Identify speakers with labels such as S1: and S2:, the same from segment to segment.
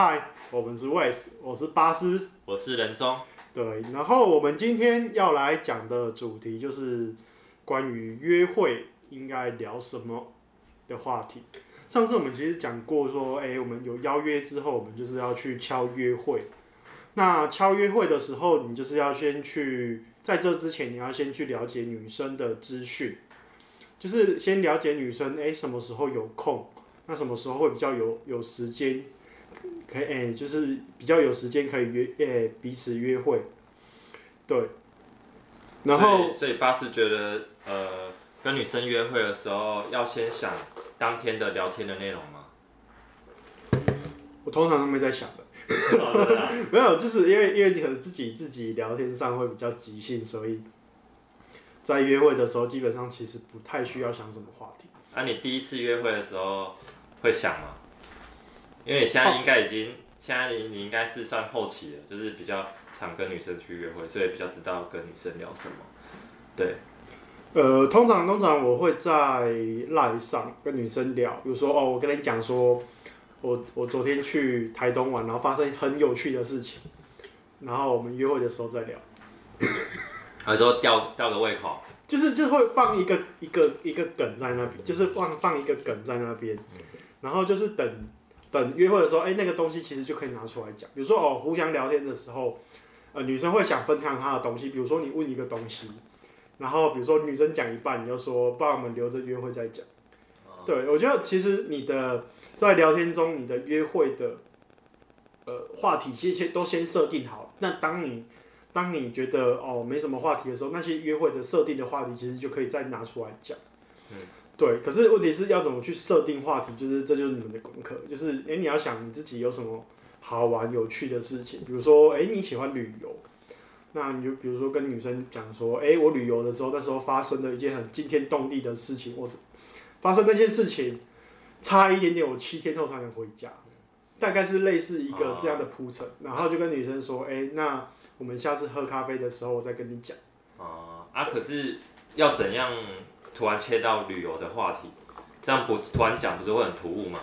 S1: 嗨，我們是 West，我是巴斯，我是仁宗。對，然後我們今天要來講的主題就是關於約會應該聊什麼的話題。上次我們其實講過說，欸，我們有邀約之後，我們就是要去敲約會。那敲約會的時候，你就是要先去，在這之前你要先去了解女生的資訊，就是先了解女生，欸，什麼時候有空，那什麼時候會比較有有時間。可以誒、欸，就是比較有時間可以約誒、欸、彼此約會，對。
S2: 然後所以巴士覺得呃跟女生約會的時候要先想當天的聊天的內容嗎？我
S1: 通常都沒在想的， 哦對啊、 沒有就是因為因為你和自己自己聊天上會比較即興，所以在約會的時候基本上其實不太需要想什麼
S2: 話題。那、啊、你第一次約會的時候會想嗎？因為現在應該已經，啊、現在你你應該是算後期了，就是比較常跟女生去約會，所以比較知道跟女生聊什麼。對，
S1: 呃，通常通常我會在賴上跟女生聊，比如說哦，我跟你講說，我我昨天去台東玩，然後發生很有趣的事情，然後我們約會的時候再聊。
S2: 還說吊吊個胃口，
S1: 就是就會放一個一個一個梗在那邊，就是放放一個梗在那邊，嗯、然後就是等。等約會的時候，哎、欸，那個東西其實就可以拿出來講。比如說，哦，互相聊天的時候，呃，女生會想分享她的東西。比如說，你問一個東西，然後比如說女生講一半，你就說：“不然我們留着約會再講。”對，我覺得其實你的在聊天中，你的約會的呃話題其實都先設定好。那當你當你覺得哦沒什麼話題的時候，那些約會的設定的話題其實就可以再拿出來講。嗯。對，可是問題是要怎麼去設定話題，就是這就是你們的功課，就是誒、欸，你要想你自己有什麼好玩有趣的事情，比如說誒、欸，你喜歡旅遊，那你就比如說跟女生講說，誒、欸，我旅遊的時候，那時候發生了一件很驚天動地的事情，或者發生那件事情差一點點，我七天後才能回家，嗯、大概是類似一個這樣的鋪陳、啊，然後就跟女生說，誒、欸，那我們下次喝咖啡的時候，我再跟你講。
S2: 啊啊，可是要怎樣？突然切到旅遊的話題，這樣不突然講不是會很突兀嗎？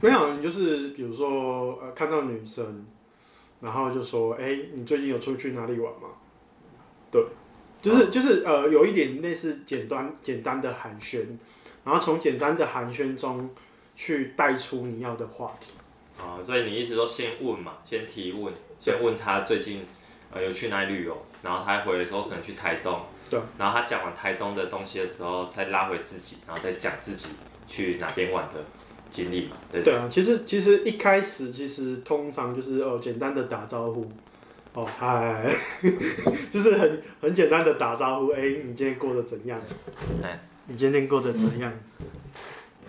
S1: 沒有，你就是比如說呃看到女生，然後就說哎，你最近有出去哪裡玩嗎？對，就是、嗯、就是呃有一點類似簡單簡單的寒暄，然後從簡單的寒暄中去帶出你要的話題。
S2: 啊、嗯，所以你一直都先問嘛，先提問，先問他最近呃有去哪裡旅遊，然後他回的時候可能去台東。對、啊，然後他講完台東的東西的時候，才拉回自己，然後再講自己去哪邊玩的經歷嘛，對對？對啊，
S1: 其實其實一開始其實通常就是哦簡單的打招呼，哦嗨呵呵，就是很很簡單的打招呼，哎你今天過得怎樣？哎，你今天過得怎樣？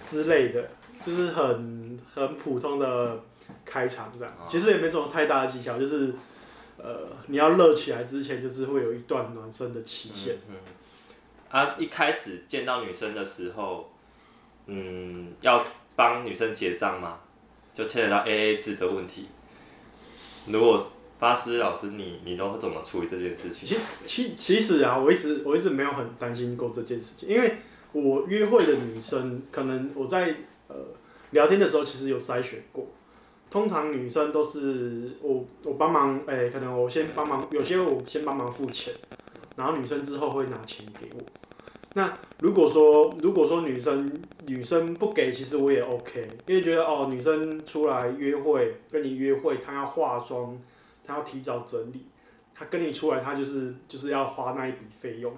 S1: 之類的，就是很很普通的開場這樣、哦，其實也沒什麼太大的技巧，就是。呃，你要熱起來之前，就是會有一段暖身的期限嗯。
S2: 嗯。啊，一開始見到女生的時候，嗯，要幫女生結賬嗎？就牽扯到 AA 制的問題。如果發師老師你，你都會怎麼處理這件事情？其
S1: 其其實啊，我一直我一直沒有很擔心過這件事情，因為我約會的女生，可能我在呃聊天的時候，其實有篩選過。通常女生都是我我幫忙，誒、欸，可能我先幫忙，有些我先幫忙付錢，然後女生之後會拿錢給我。那如果說如果說女生女生不給，其實我也 OK，因為覺得哦，女生出來約會跟你約會，她要化妝，她要提早整理，她跟你出來，她就是就是要花那一筆費用，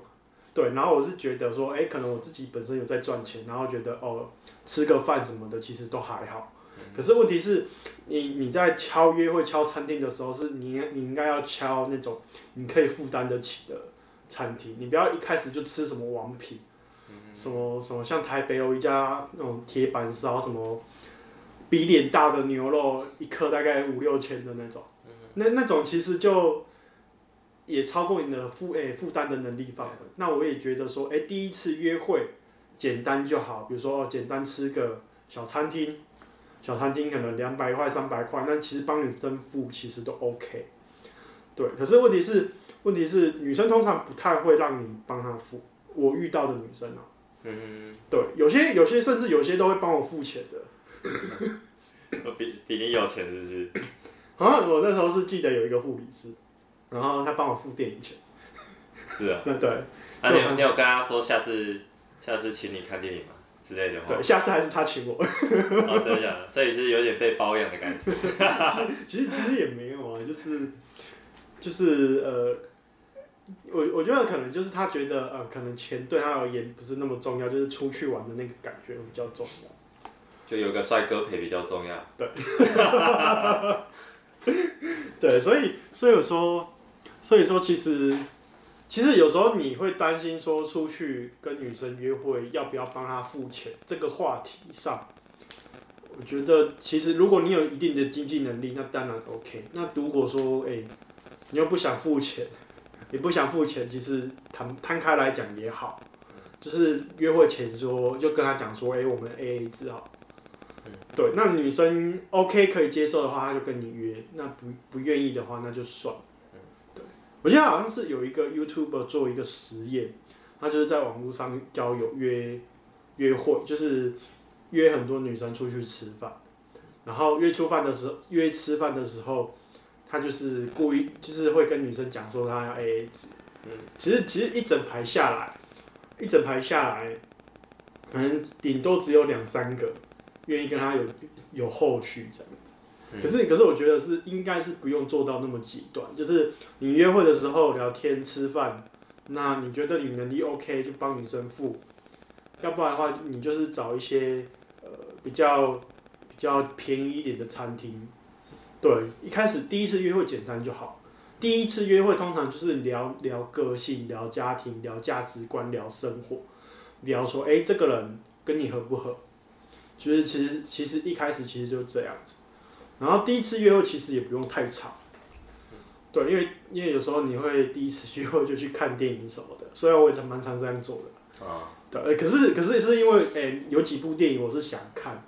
S1: 對。然後我是覺得說，誒、欸，可能我自己本身有在賺錢，然後覺得哦，吃個飯什麼的，其實都還好。可是問題是，你你在敲約會敲餐廳的時候，是你你應該要敲那種你可以負擔得起的餐廳，你不要一開始就吃什麼王品，什麼什麼像台北有一家那種鐵板燒，什麼比臉大的牛肉一客大概五六千的那種，那那種其實就也超過你的負誒負擔的能力範圍。那我也覺得說，哎、欸，第一次約會簡單就好，比如說簡單吃個小餐廳。小餐廳可能兩百塊、三百塊，但其實幫你分付其實都 OK。對，可是問題是，問題是女生通常不太會讓你幫她付。我遇到的女生啊，嗯，對，有些有些甚至有些都會幫我付錢的。
S2: 我比比你有錢是不是？
S1: 啊，我那時候是記得有一個護理師，然後他幫我付電影錢。
S2: 是啊。那對，那、啊、你沒有跟他說下次下次請你看電影嗎？之類的話。對，下次
S1: 還是他請我。
S2: 哦，這樣，所以是有點被包養的感
S1: 覺。 其實其實也沒有啊，就是就是呃，我我覺得可能就是他覺得呃，可能錢對他而言不是那麼重要，就是出去玩的那個感覺比較重要。
S2: 就有個帥哥陪比較重要。對。
S1: 對，所以所以我說，所以說其實。其實有時候你會擔心說出去跟女生約會要不要幫她付錢，這個話題上，我覺得其實如果你有一定的經濟能力，那當然 OK。那如果說誒、欸、你又不想付錢，你不想付錢，其實攤攤開來講也好，就是約會前說就跟他講說哎、欸、我們 AA 制好，對，那女生 OK 可以接受的話，她就跟你約；那不不願意的話，那就算。我記得好像是有一個 YouTuber 做一個實驗，他就是在網絡上交友約約會，就是約很多女生出去吃飯，然後約出飯的時候，約吃飯的時候，他就是故意就是會跟女生講說他要 AA 制，嗯，其實其實一整排下來，一整排下來，可能頂多只有兩三個願意跟他有有後續這樣。可是，可是我覺得是應該是不用做到那麼極端，就是你約會的時候聊天吃飯，那你覺得你能力 OK 就幫女生付，要不然的話你就是找一些呃比較比較便宜一點的餐廳。對，一開始第一次約會簡單就好。第一次約會通常就是聊聊個性、聊家庭、聊價值觀、聊生活，聊說哎、欸、這個人跟你合不合，就是其實其實一開始其實就這樣子。然後第一次約會其實也不用太長，對，因為因為有時候你會第一次約會就去看電影什麼的，雖然我也是蠻常這樣做的啊。對，可是可是也是因為哎、欸，有幾部電影我是想看，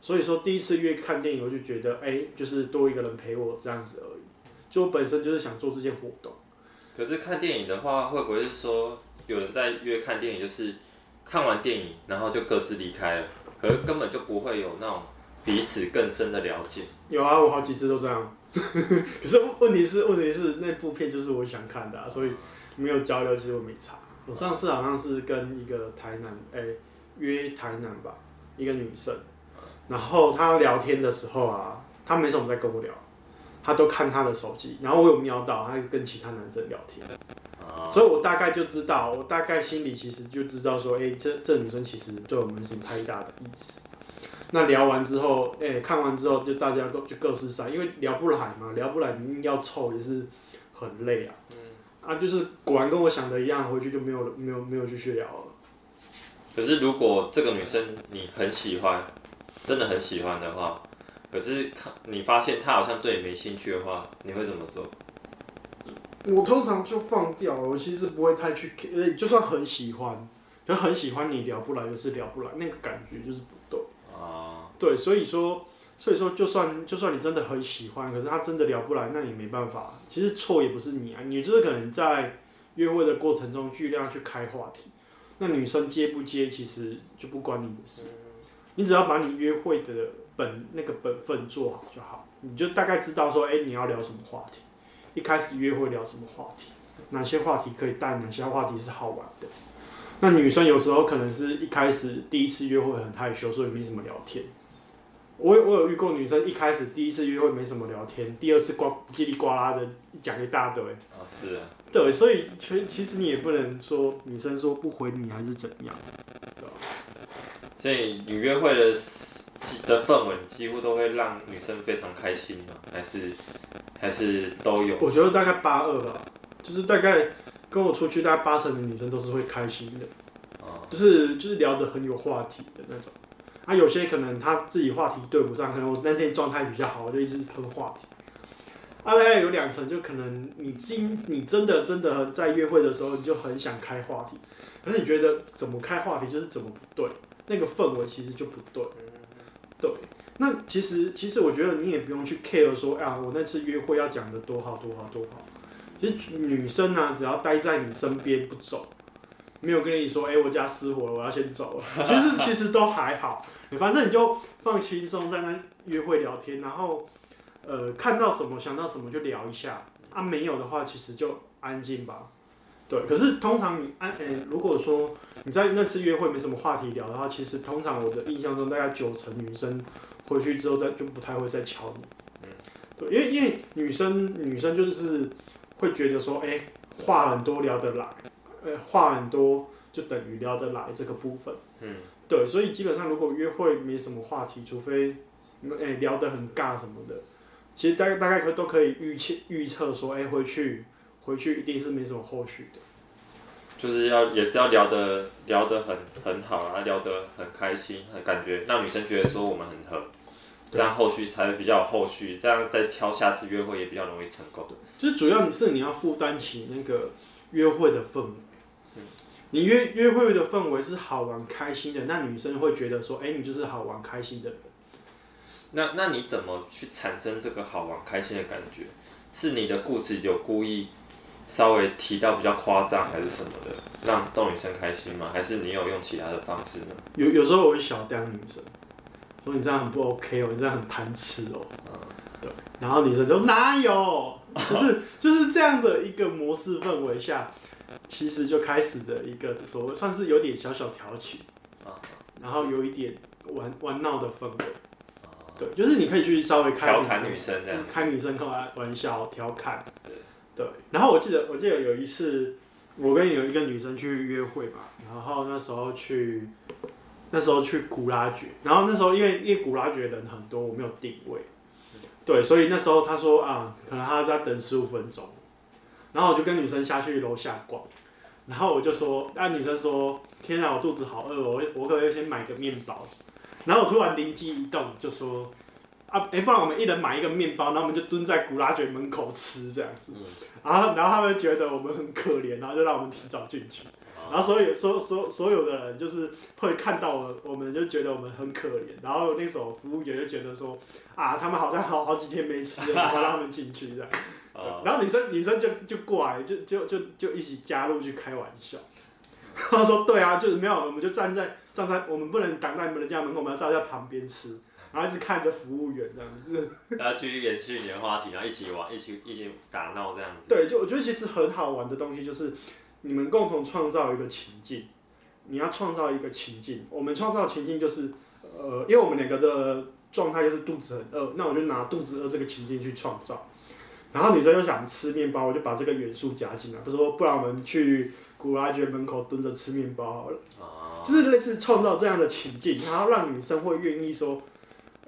S1: 所以說第一次約看電影我就覺得哎、欸，就是多一個人陪我這樣子而已，就我本身就是想做這件活動。
S2: 可是看電影的話，會不會是說有人在約看電影，就是看完電影然後就各自離開了，可是根本就不會有那種。彼此更深的了解。
S1: 有啊，我好幾次都這樣。 可是問題是，問題是那部片就是我想看的，啊，所以沒有交流，其實我沒查。我上次好像是跟一個台南，誒、欸、約台南吧，一個女生。然後她聊天的時候啊，她沒什麼在跟我聊，她都看她的手機。然後我有瞄到，她跟其他男生聊天，啊。所以我大概就知道，我大概心裡其實就知道說，誒、欸，這這女生其實對我們沒什麼太大的意思。那聊完之後，哎、欸，看完之後就大家都就各自散，因為聊不來嘛，聊不來，你要湊也是很累啊。嗯，啊，就是果然跟我想的一樣，回去就沒有沒有沒有繼續聊了。
S2: 可是如果這個女生你很喜歡，真的很喜歡的話，可是她你發現她好像對你沒興趣的話，你會怎麼做？嗯、
S1: 我通常就放掉了，我其實不會太去，就算很喜歡，就很喜歡你聊不來，就是聊不來，那個感覺就是不。啊，對，所以說，所以說，就算就算你真的很喜歡，可是他真的聊不來，那也沒辦法。其實錯也不是你啊，你就是可能在約會的過程中，盡量去開話題，那女生接不接，其實就不關你的事。你只要把你約會的本那個本分做好就好，你就大概知道說，哎、欸，你要聊什麼話題，一開始約會聊什麼話題，哪些話題可以帶？哪些話題是好玩的。那女生有時候可能是一開始第一次約會很害羞，所以沒什麼聊天。我有我有遇過女生一開始第一次約會沒什麼聊天，第二次呱嘰里呱啦的講一大堆。哦。是啊。對，所以其實其實你也不能說女生說不回你還是怎樣。對吧？
S2: 所以女約會的的氛圍幾乎都會讓女生非常開心還是還是都有？我覺
S1: 得大概八二吧，就是大概。跟我出去，大概八成的女生都是會開心的，就是就是聊得很有話題的那種。啊，有些可能她自己話題對不上，可能我那天狀態比較好，我就一直噴話題。啊，大概有兩層，就可能你今你真的真的在約會的時候，你就很想開話題，可是你覺得怎麼開話題就是怎麼不對，那個氛圍其實就不對。對，那其實其實我覺得你也不用去 care 說，啊，我那次約會要講得多好多好多好。其實女生呢、啊，只要待在你身邊不走，沒有跟你說、欸“我家失火了，我要先走了”，其實其實都還好。你反正你就放輕鬆，在那約會聊天，然後呃，看到什麼想到什麼就聊一下。啊，沒有的話，其實就安靜吧。對，可是通常你安、欸，如果說你在那次約會沒什麼話題聊的話，其實通常我的印象中，大概九成女生回去之後再就不太會再敲你。對，因為因為女生女生就是。會覺得說，哎，話很多聊得來，哎，話很多就等於聊得來這個部分。嗯，對，所以基本上如果約會沒什麼話題，除非，哎，聊得很尬什麼的，其實大概大概可都可以預測預測說，哎，回去回去一定是沒什麼後
S2: 續的。就是要也是要聊得聊得很很好啊，聊得很開心，很感覺讓女生覺得說我們很合。這樣後續才比較有後續，這樣再挑下次約會也比較容易成功的。就是主要
S1: 你是你要負擔起那個約會的氛
S2: 圍，嗯，
S1: 你約約會的氛圍是好玩開心的，那女生會覺得說，哎、欸，你就是好玩開心的人。
S2: 那那你怎麼去產生這個好玩開心的感覺？是你的故事有故意稍微提到比較誇張，還是什麼的，讓逗女生開心嗎？還是你有用其他的方式呢？
S1: 有有時候我會小調女生，說你這樣很不 OK 哦，你這樣很貪吃哦、嗯。然後女生就哪有，就是就是這樣的一個模式氛圍下，其實就開始的一個所謂算是有點小小調情、嗯。然後有一點玩玩鬧的氛圍、嗯。對，就是你可以去稍微調侃女生這樣開女生開、嗯、玩笑調、哦、侃對對。對。然後我記得我記得有一次我跟有一個女生去約會嘛，然後那時候去。嗯那時候去古拉爵，然後那時候因為因為古拉爵人很多，我沒有定位，對，所以那時候他說啊，可能還要再等十五分鐘，然後我就跟女生下去樓下逛，然後我就說，那、啊、女生說，天啊，我肚子好餓，我我可不可以先買個麵包，然後我突然靈機一動，就說，啊，誒、欸，不然我們一人買一個麵包，然後我們就蹲在古拉爵門口吃這樣子，然後然後他們覺得我們很可憐，然後就讓我們提早進去。然後所有、所、所、所有的人就是會看到我，我們就覺得我們很可憐。然後那時候服務員就覺得說：“啊，他們好像好好幾天沒吃了， 然後讓他們進去這樣。呃”然後女生、女生就就過來，就就就就一起加入去開玩笑。然後說：“對啊，就是沒有，我們就站在站在，我們不能擋在你們的家門口，我們要站在旁邊吃，然後一直看着服務員這樣子。”
S2: 然後繼續延續你的話題，然後一起玩，一起一起打鬧這樣子。對，
S1: 就我覺得其實很好玩的東西就是。你們共同創造一個情境，你要創造一個情境。我們創造情境就是，呃，因為我們兩個的狀態就是肚子很餓，那我就拿肚子餓這個情境去創造。然後女生又想吃面包，我就把這個元素加進來。他說，不然我們去古拉爵門口蹲着吃面包。就是類似創造這樣的情境，然後讓女生會願意說，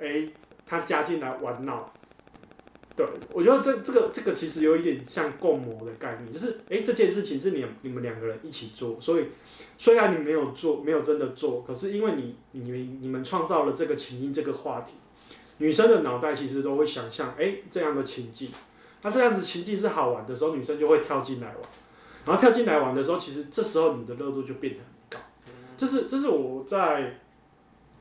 S1: 哎、欸，她加進來玩鬧。對，我覺得這這個這個其實有一點像共謀的概念，就是哎、欸，這件事情是你你們兩個人一起做，所以雖然你沒有做，沒有真的做，可是因為你你你們創造了這個情境、這個話題，女生的腦袋其實都會想象，哎、欸、這樣的情境，那、啊、這樣子情境是好玩的時候，女生就會跳進來玩，然後跳進來玩的時候，其實這時候你的熱度就變得很高。這是這是我在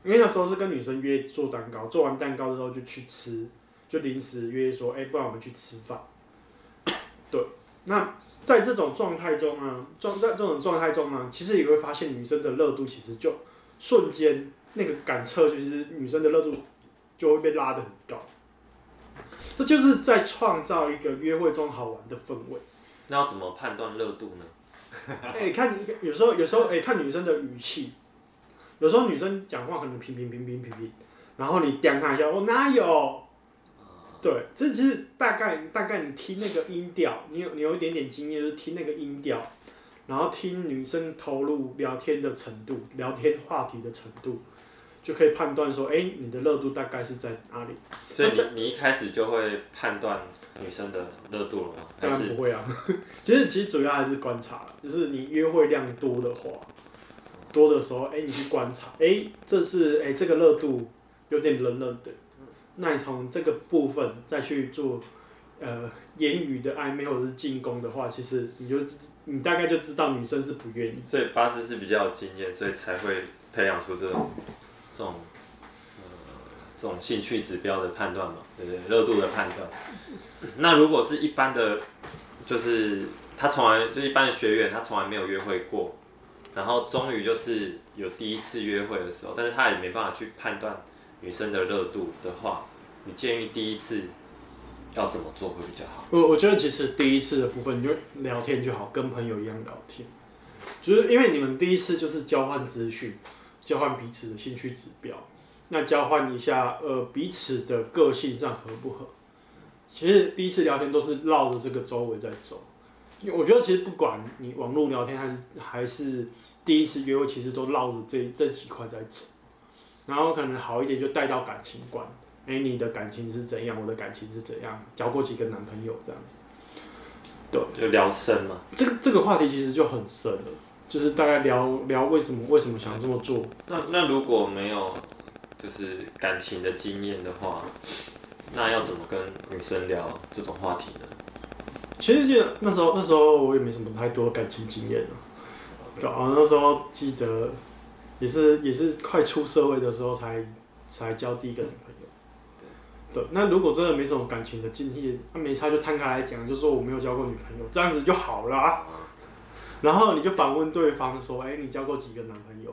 S1: 因為那時候是跟女生約做蛋糕，做完蛋糕之後就去吃。就臨時約說，哎、欸，不然我們去吃飯。 對，那在這種狀態中啊，狀在這種狀態中呢、啊，其實你會發現女生的熱度其實就瞬間那個感測，就是女生的熱度就會被拉得很高。這就是在創造一個約會中好玩的氛圍。
S2: 那要怎麼判斷熱度呢？哎、
S1: 欸，看，有時候有時候哎、欸，看女生的語氣，有時候女生講話可能平平平平平平，然後你掂他一下，我哪有？對，這其實大概大概你聽那個音調，你有你有一點點經驗，就是、聽那個音調，然後聽女生投入聊天的程度，聊天話題的程度，就可以判斷說，哎、欸，你的熱度大概是在哪裡。所以
S2: 你你一開始就會判斷女生的熱度了嗎？當然不會啊，
S1: 是 其實其實主要還是觀察，就是你約會量多的話，多的時候，哎、欸，你去觀察，哎、欸，這是哎、欸、這個熱度有點冷冷的。那你從這個部分再去做，呃，言語的曖昧或者是進攻的話，其實你就你
S2: 大概就知道女生是不願意。所以巴士是比較有經驗，所以才會培養出這這種、呃、這種興趣指標的判斷嘛，對不對？熱度的判斷。那如果是一般的，就是他從來就一般的學員，他從來沒有約會過，然後終於就是有第一次約會的時候，但是他也沒辦法去判斷。女生的熱度的話，你建議第一次要怎麼做會比較好？
S1: 我我覺得其實第一次的部分，你就聊天就好，跟朋友一樣聊天，就是因為你們第一次就是交換資訊，交換彼此的興趣指標，那交換一下呃彼此的個性上合不合。其實第一次聊天都是繞着這個周圍在走，因為我覺得其實不管你網絡聊天還是還是第一次約會，其實都繞着這這幾塊在走。然後可能好一點就帶到感情觀，哎，你的感情是怎樣？我的感情是怎樣？交過幾個男朋友這樣子，
S2: 對，就聊深嘛。這個這個話
S1: 題其實就很深了，就是大概聊聊為什麼為什麼想要這麼
S2: 做。那那如果沒有就是感情的經驗的話，那要怎麼跟女生聊這種話題呢？
S1: 其實就那時候那時候我也沒什麼太多感情經驗了，對啊，那時候記得。也是也是快出社會的時候，才才交第一個女朋友對，對，那如果真的沒什麼感情的經歷，那、啊、沒差就攤開來講，就說我沒有交過女朋友，這樣子就好啦、嗯。然後你就反問對方說：“哎，你交過幾個男朋友？”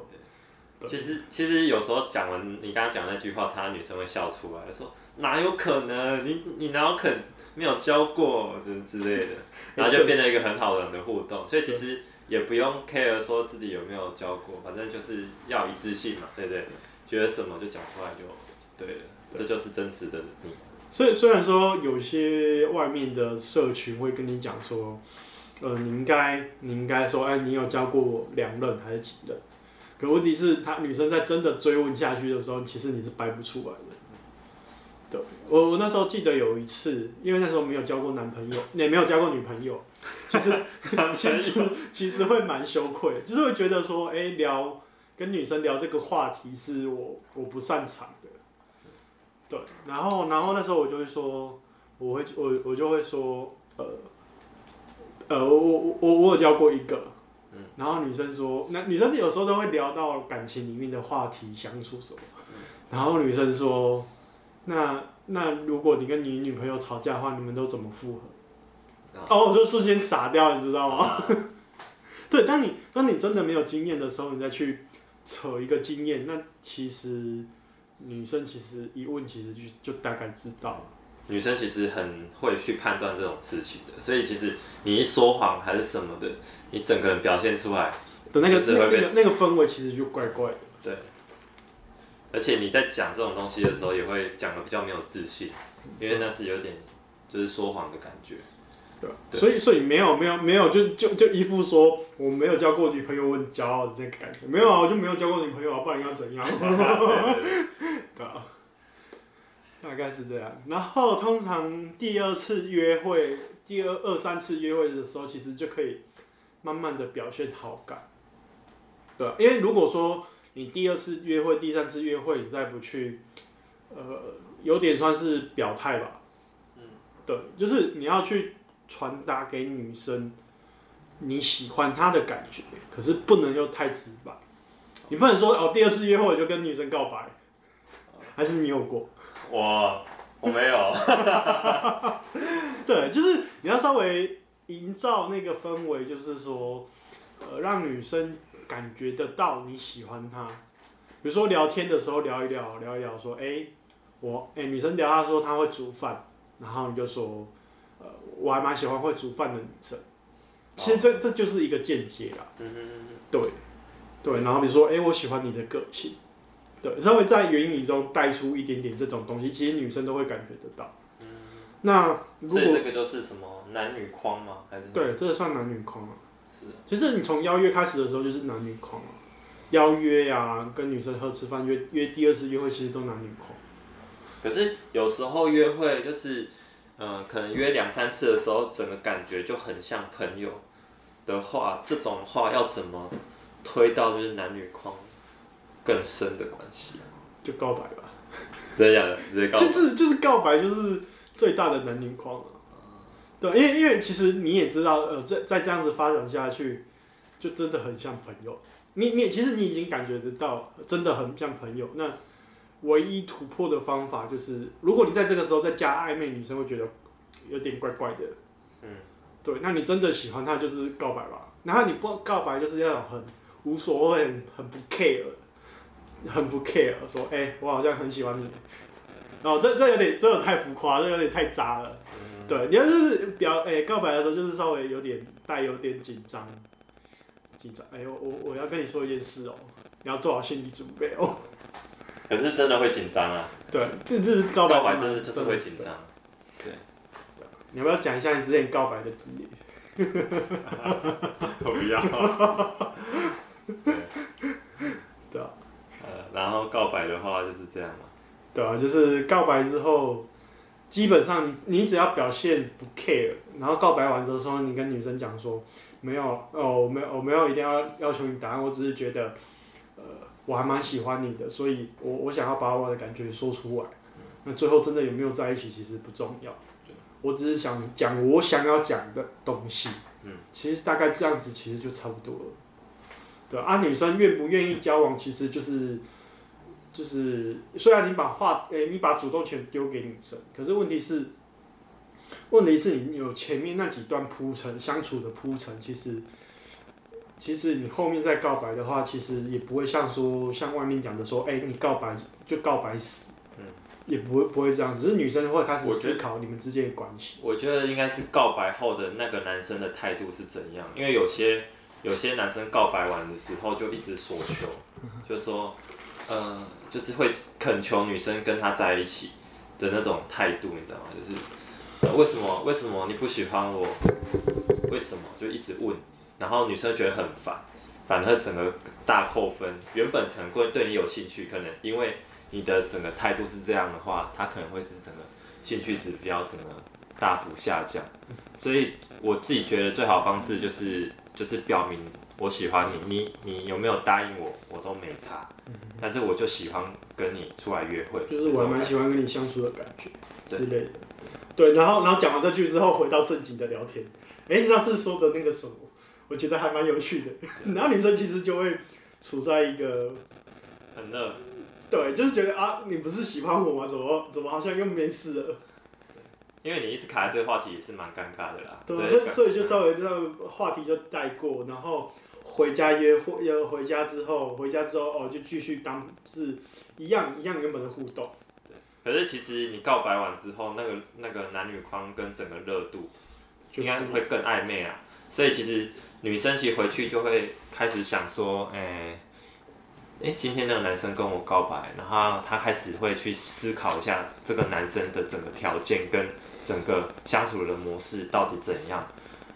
S1: 對對，其實
S2: 其實有時候講完你剛剛講那句話，他女生會笑出來，說哪有可能？你你哪有可能沒有交過？之之類的， 然後就變成一個很好的人的互動。所以其實，也不用 care 說自己有沒有交過，反正就是要一致性嘛，對不對，對？覺得什麼就講出來就對了，對，這就是真實的你，嗯。
S1: 所以雖然說有些外面的社群會跟你講說，呃，你應該你應該說，哎，呃，你有交過兩任還是幾任？可問題是，他女生在真的追問下去的時候，其實你是掰不出來的。我我那時候記得有一次，因為那時候沒有交過男朋友，也沒有交過女朋友，其實， 其實其實會蠻羞愧，就是會覺得說，哎、欸，聊跟女生聊這個話題是我我不擅長的，對，然後然後那時候我就會說，我會我我就會說，呃呃，我我我有交過一個，然後女生說，那女生有時候都會聊到感情裡面的話題，相處什麼，然後女生說。那那如果你跟你女朋友吵架的話，你們都怎麼復合、嗯？哦，我就瞬間傻掉，你知道嗎？嗯、 對，當你當你真的沒有經驗的時候，你再去扯一個經驗，那其實女生其實一問，其實就就大概知道了。
S2: 女生其實很會去判斷這種事情的，所以其實你一說謊還是什麼的，你整個人表現出來的那個那個
S1: 那個氛圍其實就怪怪的。對。
S2: 而且你在講這種東西的時候，也會講得比較沒有自信，因為那是有點就是說謊的感覺，對。對
S1: 所以所以沒有沒有沒有就就就一副說，我沒有交過女朋友，我很驕傲的這個感覺。沒有啊，我就沒有交過女朋友啊，不然要怎樣？ 對，對，對 大概是這樣。然後通常第二次約會，第二二三次約會的時候，其實就可以慢慢的表現好感，對，因為如果說。你第二次約會、第三次約會，你再不去，呃，有點算是表態吧。嗯，對，就是你要去傳達給女生你喜歡她的感覺，可是不能又太直白。嗯、你不能說哦，第二次約會我就跟女生告白、嗯，還是你有過？我我沒有。 對，就是你要稍微營造那個氛圍，就是說，呃、讓女生。感覺得到你喜歡她，比如說聊天的時候聊一聊聊一聊說，說、欸、哎我哎、欸、女生聊她說她會煮飯，然後你就說、呃、我還蠻喜歡會煮飯的女生，其實這這就是一個間接啦，嗯、哼哼哼對對，然後比如說哎、欸、我喜歡你的個性，對稍微在言語中帶出一點點這種東西，其實女生都會感覺得到。嗯、
S2: 那如果這個就是什麼男女框嗎？還是對，
S1: 這個、算男女框、啊。其實你從邀約開始的時候就是男女框邀、啊、約呀、啊，跟女生喝酒吃飯約約第二次約會，其實都男女框。
S2: 可是有時候約會就是、呃，可能約兩三次的時候，整個感覺就很像朋友的話，這種話要怎麼推到就是男女框更深的關係、啊？就告白吧，直接講，直接告白， 就是就是告白就是最大
S1: 的男女框、啊。對，因為因為其實你也知道，呃，這在這樣子發展下去，就真的很像朋友。你你其實你已經感覺得到，真的很像朋友。那唯一突破的方法就是，如果你在這個時候再加曖昧，女生會覺得有點怪怪的。嗯，對。那你真的喜歡她，就是告白吧。然後你不告白，就是要很無所謂、很不 care、很不 care，說哎、欸，我好像很喜歡你。哦，這這有點，這種太浮誇，這有點太渣了。嗯對，你要是表，哎，告白的時候，就是稍微有點帶有點緊張，緊張。哎呦，我我，我要跟你說一件事哦，你要做好心理準備哦。
S2: 可是真的會緊張啊。對，這這告白，告白真的就是會緊張。對，對，
S1: 對，對。對。你要不要講一下你之前告白的經歷？ 我不要。 對，對啊，呃。
S2: 然後告白的話就是這樣嘛，啊。
S1: 對啊，就是告白之後。基本上你你只要表現不 care，然後告白完之後，你跟女生講說，沒有哦，我沒有我沒有一定要要求你答案，我只是覺得，呃，我還蠻喜歡你的，所以我我想要把我的感覺說出來。那最後真的有沒有在一起其實不重要，我只是想講我想要講的東西。嗯，其實大概這樣子其實就差不多了。對啊，女生願不願意交往其實就是。就是雖然你把話誒、欸，你把主動權丟給女生，可是問題是，問題是你有前面那幾段鋪陳相處的鋪陳，其實其實你後面再告白的話，其實也不會像說像外面講的說，哎、欸，你告白就告白死，嗯，也不會不會這樣，只是女生會開始思考你們之間的關係。
S2: 我覺得應該是告白後的那個男生的態度是怎樣，因為有些有些男生告白完的時候就一直索求，就說，嗯、呃。就是會懇求女生跟他在一起的那種態度，你知道嗎？就是、呃、為什麼為什麼你不喜歡我？為什麼就一直問？然後女生覺得很煩，反而整個大扣分。原本可能會對你有興趣，可能因為你的整個態度是這樣的話，他可能會是整個興趣指標整個大幅下降。所以我自己覺得最好方式就是就是表明。我喜歡你，你你有沒有答應我，我都沒差，但是我就喜歡跟你出來約會，就是我還蠻喜歡跟你相處的感
S1: 覺之類的。對，然後然後講完這句之後，回到正經的聊天。哎，上次說的那個什麼，我覺得還蠻有趣的。然後女生其實就會處在一個很樂，對，就是覺得啊，你不是喜歡我嗎？怎麼怎麼好像又沒事了？
S2: 對，因為你一直卡在這個話題也是蠻尷尬的啦。對，對，所以所以
S1: 就稍微這個話題就帶過，然後。回家約會，又回家之後，回家之後哦，就繼續當是一樣一樣原本的互動。
S2: 對。可是其實你告白完之後，那個那個男女框跟整個熱度，應該會更曖昧啊。所以其實女生其實回去就會開始想說，哎、欸，哎、欸，今天那個男生跟我告白，然後他開始會去思考一下這個男生的整個條件跟整個相處的模式到底怎樣。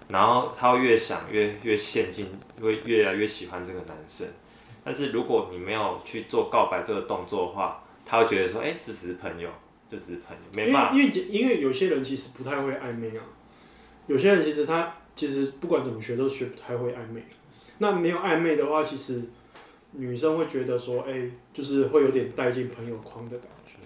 S2: 然後他會越想越越，陷進，會越來越、啊、越喜歡這個男生。但是如果你沒有去做告白這個動作的話，他會覺得說，哎，這只是朋友，這只是朋友。沒辦法，因為
S1: 因為，因為有些人其實不太會曖昧啊，有些人其實他其實不管怎麼學都學不太會曖昧。那沒有曖昧的話，其實女生會覺得說，哎，就是會有點帶進朋友框的感覺，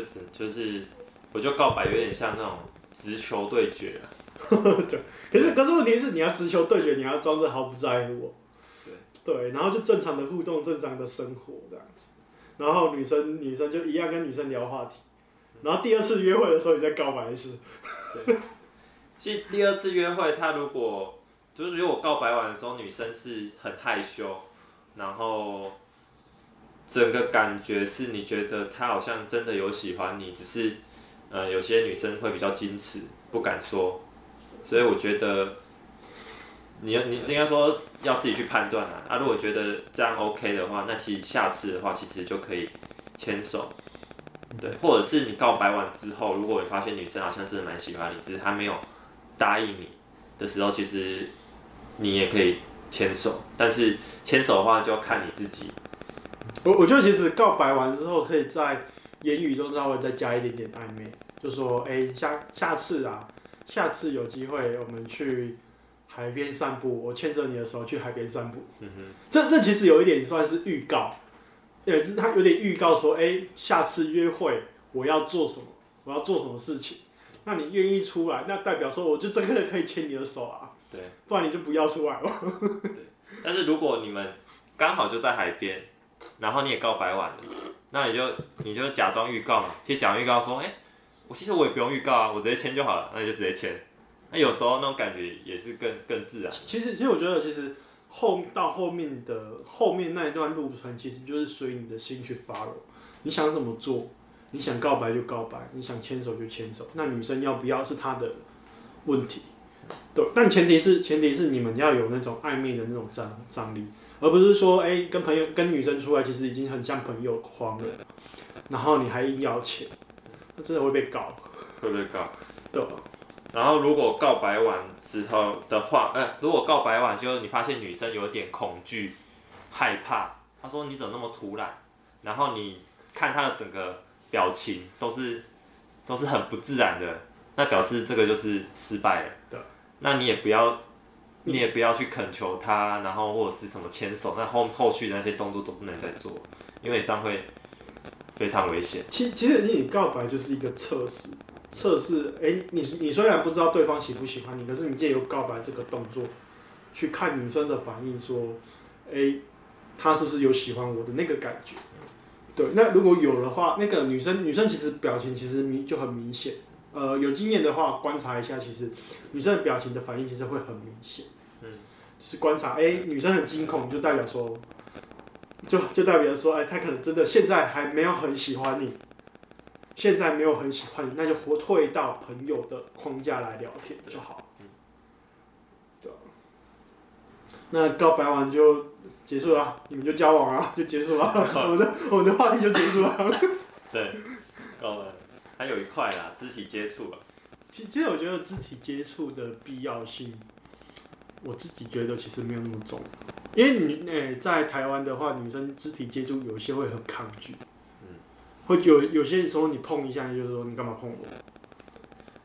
S2: 就只就是我就告白有點像那種直球對決啊。
S1: 對，可是可是問題是，你要直球對決，你要裝着毫不在乎，對，對，然後就正常的互動，正常的生活這樣子，然後女生女生就一樣跟女生聊話題，然後第二次約會的時候，你再告白一次。
S2: 對，其實第二次約會，他如果就是如果我告白完的時候，女生是很害羞，然後整個感覺是你覺得他好像真的有喜歡你，只是，呃，有些女生會比較矜持，不敢說。所以我覺得你，你你應該說要自己去判斷啊，啊，如果覺得這樣 OK 的話，那其實下次的話，其實就可以牽手。對，或者是你告白完之後，如果你發現女生好像真的蠻喜歡你，只是還沒有答應你的時候，其實你也可以牽手。但是牽手的話，就要看你自己。
S1: 我我覺得其實告白完之後，可以在言語中稍微再加一點點曖昧，就說哎，下下次啊。下次有機會我們去海邊散步，我牽着你的時候去海邊散步。嗯、哼，這這其實有一點算是預告，呃，他有點預告說，哎、欸，下次約會我要做什麼，我要做什麼事情。那你願意出來，那代表說我就真的可以牽你的手啊。對。不然你就不要出來了，
S2: 哦。 但是如果你們剛好就在海邊，然後你也告白完了，那你就你就假裝預告嘛，其實講預告說，哎、欸。我其實我也不用預告啊，我直接簽就好了，那你就直接簽。那有時候那種感覺也是更更自然。
S1: 其實其實我覺得，其實後到後面的後面那一段路程，其實就是隨你的心去 follow 你想怎麼做，你想告白就告白，你想牽手就牽手。那女生要不要是他的問題，對，但前提是前提是你們要有那種曖昧的那種張張力，而不是說哎、欸、跟朋友跟女生出來，其實已經很像朋友框了，然後你還硬要牽他真的會被搞，
S2: 會被搞。對吧？然後如果告白完之後的話，呃，如果告白完就你發現女生有點恐懼、害怕，她說你怎麼那麼突然，然後你看她的整個表情都是都是很不自然的，那表示這個就是失敗了。對。那你也不要，你也不要去懇求她，然後或者是什麼牽手，那後後續的那些動作都不能再做，因為這樣會。非常危險。其
S1: 其實你告白就是一個測試，測試、欸、你你雖然不知道對方喜不喜歡你，可是你藉由告白這個動作，去看女生的反應，說，哎、欸，她是不是有喜歡我的那個感覺？對，那如果有的話，那個女生女生其實表情其實明就很明顯。呃，有經驗的話，觀察一下，其實女生的表情的反應其實會很明顯。嗯，就是觀察哎、欸，女生很驚恐，就代表說。就就代表說，哎、欸，他可能真的現在還沒有很喜歡你，現在沒有很喜歡你，那就回退到朋友的框架來聊天就好。嗯，那告白完就結束了、嗯，你們就交往了，就結束了。好 的，我們的話題就結束了。
S2: 對，告白了，還有一塊啦，肢體接觸吧，其
S1: 其實我覺得肢體接觸的必要性。我自己覺得其實沒有那麼重，因為你誒、欸、在台灣的話，女生肢體接觸有些會很抗拒，
S2: 嗯，
S1: 會有有些時候你碰一下，就是說你幹嘛碰我？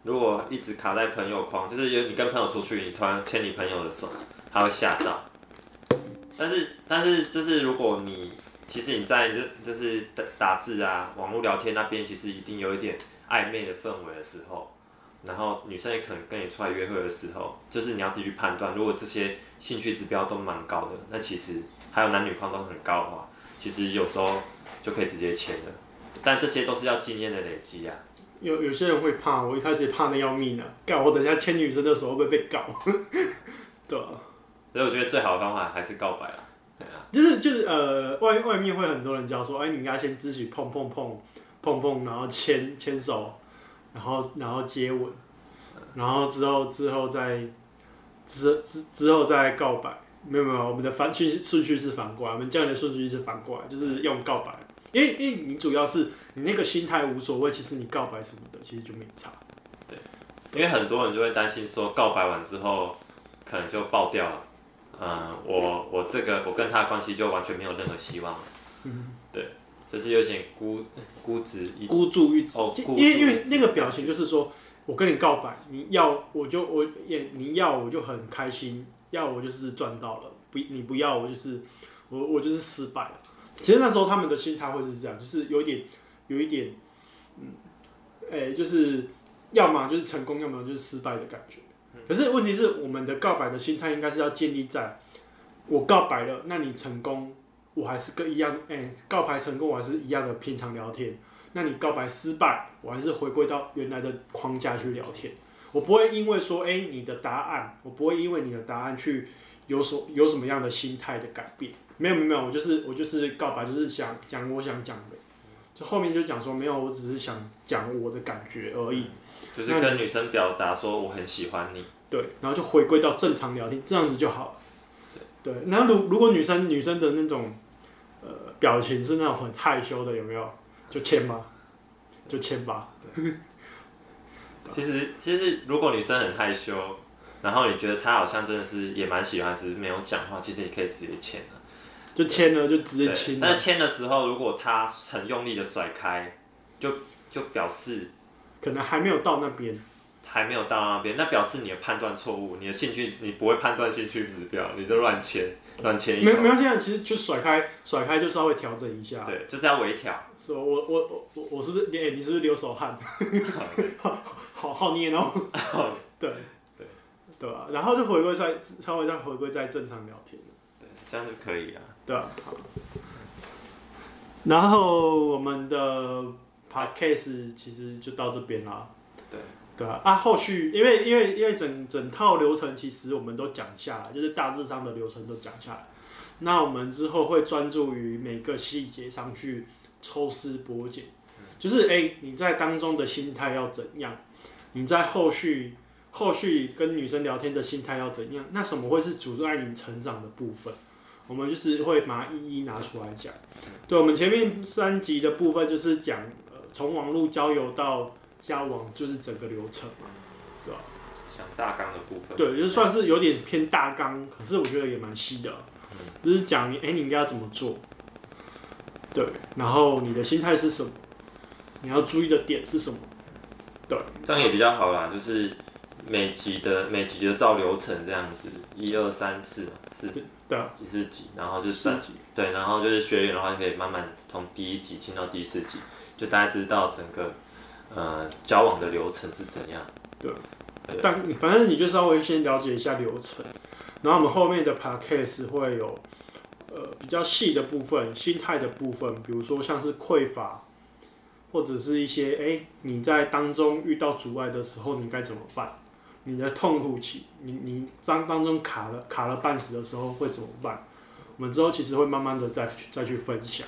S2: 如果一直卡在朋友框，就是有你跟朋友出去，你突然牽你朋友的手，他會嚇到、嗯。但是但是就是如果你其實你在就是打打字啊，網路聊天那邊，其實一定有一點曖昧的氛圍的時候。然後女生也可能跟你出來約會的時候，就是你要自己去判斷。如果這些興趣指標都蠻高的，那其實還有男女方都很高的話，其實有時候就可以直接牽了。但這些都是要經驗的累積啊。
S1: 有有些人會怕，我一開始也怕的要命啊！告我等一下牽女生的時候會，會被告？
S2: 對啊。所以我覺得最好的方法還是告白啦。對
S1: 啊。就是就是呃，外外面會很多人教說，哎，你應該先肢體碰碰碰碰碰，然後牽牽手。然後，然後接吻，然後之後，之後再之之之後再告白，沒有沒有，我們的反序順序是反過來，我們教練的順序是反過來，就是用告白，因為因為你主要是你那個心態無所謂，其實你告白什麼的其實就沒差，
S2: 對，因為很多人就會擔心說告白完之後可能就爆掉了，嗯、我我這個我跟他的關係就完全沒有任何希望了，對。就是有點孤孤注一孤注一擲，哦，因為因
S1: 為那個表情就是說對對對，我跟你告白，你要我就我也你要我就很開心，要我就是賺到了，不你不要我就是我我就是失敗了。其實那時候他們的心態會是這樣，就是有一點有一點，嗯，哎、欸，就是要麼就是成功，要麼就是失敗的感覺。可是問題是，我們的告白的心態應該是要建立在，我告白了，那你成功。我還是跟一樣，哎、欸，告白成功，我還是一樣的平常聊天。那你告白失敗，我還是回歸到原來的框架去聊天。我不會因為說，哎、欸，你的答案，我不會因為你的答案去有所有什麼樣的心態的改變。沒有沒有，我就是我就是告白，就是想講我想講的。就後面就講說，沒有，我只是想講我的感覺而已。嗯、就是跟女
S2: 生表達說我很喜歡你，你。
S1: 對，然後就回歸到正常聊天，這樣子就好了。對對，那如如果女生女生的那種。表情是那種很害羞的，有沒有？就牽嗎？就牽吧。
S2: 其實，其實如果女生很害羞，然後你覺得她好像真的是也蠻喜歡，只是沒有講話，其實你可以直接牽了，就牽了，就直接牽。那牽的時候，如果她很用力的甩開，就就表示
S1: 可能還沒有到那邊。
S2: 還沒有到那邊，那表示你的判斷錯誤，你的興趣你不會判斷興趣指標，你就亂牽亂牽。沒沒有，現
S1: 在其實就甩開甩開，就稍微調整一下。對，就是要微調。是、so, 吧？我我我我是不是？哎、欸，你是不是流手汗？ 好好捏哦。 對對對吧、啊？然後就回歸在稍微再回歸在正常聊天。對，
S2: 這樣就可以啊。
S1: 對啊，好。然後我們的 podcast 其實就到這邊啦、啊。對。對啊，後續，因為因為因為整整套流程其實我們都講下來，就是大致上的流程都講下來。那我們之後會專注於每個細節上去抽絲剝繭，就是誒、欸，你在當中的心態要怎樣？你在後續後續跟女生聊天的心態要怎樣？那什麼會是阻礙你成長的部分？我們就是會把它一一拿出來講。對，我們前面三集的部分就是講，呃、從網絡交友到交往，就是整個流程嘛，
S2: 是吧？講大綱的部分。對，就算是
S1: 有點偏大綱，可是我覺得也蠻細的、嗯，就是講，哎、欸，你應該要怎麼做？
S2: 對，然後
S1: 你的心態是什麼？你要注意的點是什麼？
S2: 對，這樣也比較好啦，就是每集的每集的照流程這樣子，一二三四，四，對，第四集，然後就是三集，對，然後就是學員的話，你可以慢慢從第一集進到第四集，就大家知道整個。呃，交往的流程是怎樣？對，但
S1: 反正你就稍微先了解一下流程，然後我們後面的 podcast 會有呃比較細的部分，心態的部分，比如說像是匱乏，或者是一些哎、欸、你在當中遇到阻礙的時候，你該怎麼辦？你的痛苦期，你你當當中卡了卡了半死的時候會怎麼辦？我們之後其實會慢慢的再再去分享。